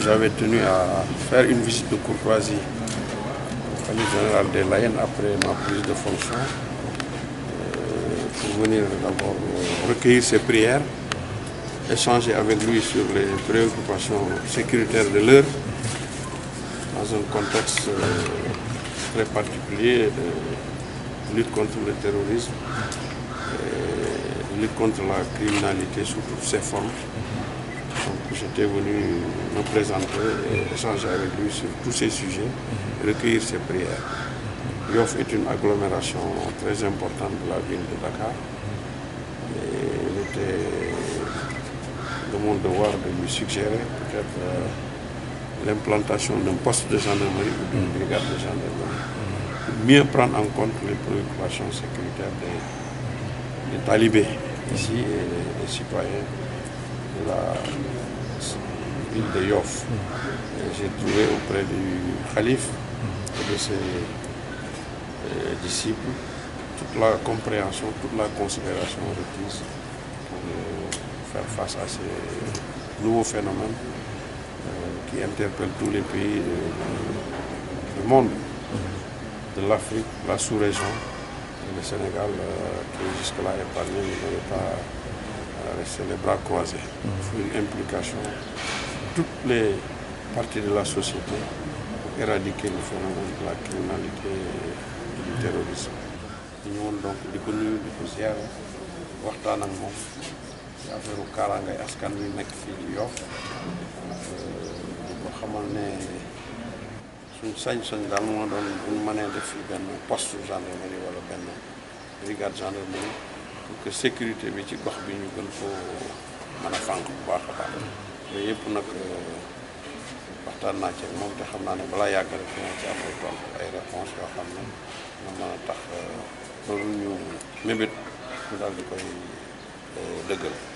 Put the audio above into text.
j'avais tenu à faire une visite de courtoisie au général des Layènes après ma prise de fonction euh, pour venir d'abord euh, recueillir ses prières échanger avec lui sur les préoccupations sécuritaires de l'heure dans un contexte euh, très particulier de lutte contre le terrorisme, euh, lutte contre la criminalité sous toutes ses formes. Donc j'étais venu me présenter et échanger avec lui sur tous ces sujets, recueillir ses prières. Yoff est une agglomération très importante de la ville de Dakar. mon devoir de lui suggérer peut-être euh, l'implantation d'un poste de gendarmerie ou d'une mm. brigade de gendarmerie. pour Mieux prendre en compte les préoccupations sécuritaires des, talibés ici et des citoyens de la ville de Yoff. Mm. J'ai trouvé auprès du calife mm. et de ses euh, disciples toute la compréhension, toute la considération requise euh, face à ces nouveaux phénomènes euh, qui interpellent tous les pays du monde, de l'Afrique, la sous-région. Le Sénégal, euh, qui jusque-là épargné, ne pas euh, rester les bras croisés. Il faut une implication de toutes les parties de la société pour éradiquer le phénomène de la criminalité et du terrorisme. Nous donc du connus, nuyu affaire kala ngay askan wi nek fi ñu Yoff di ko xamal ne sun sañ-sañ dal mo doon buñ mënee def fi ben poste gendarmerie wala ben brigade gendarmerie pour que sécurité bi ci gox bi ñu gën ko mëna fank bu baax baax yooyu yépp nak waxtaan naa ci moom te xam naa ne balaa yàgg rek dina ci am ay tontu ay réponse yoo xam ne na mën a tax loolu euh, ñu mébét ñu daal di koy euh, dëggal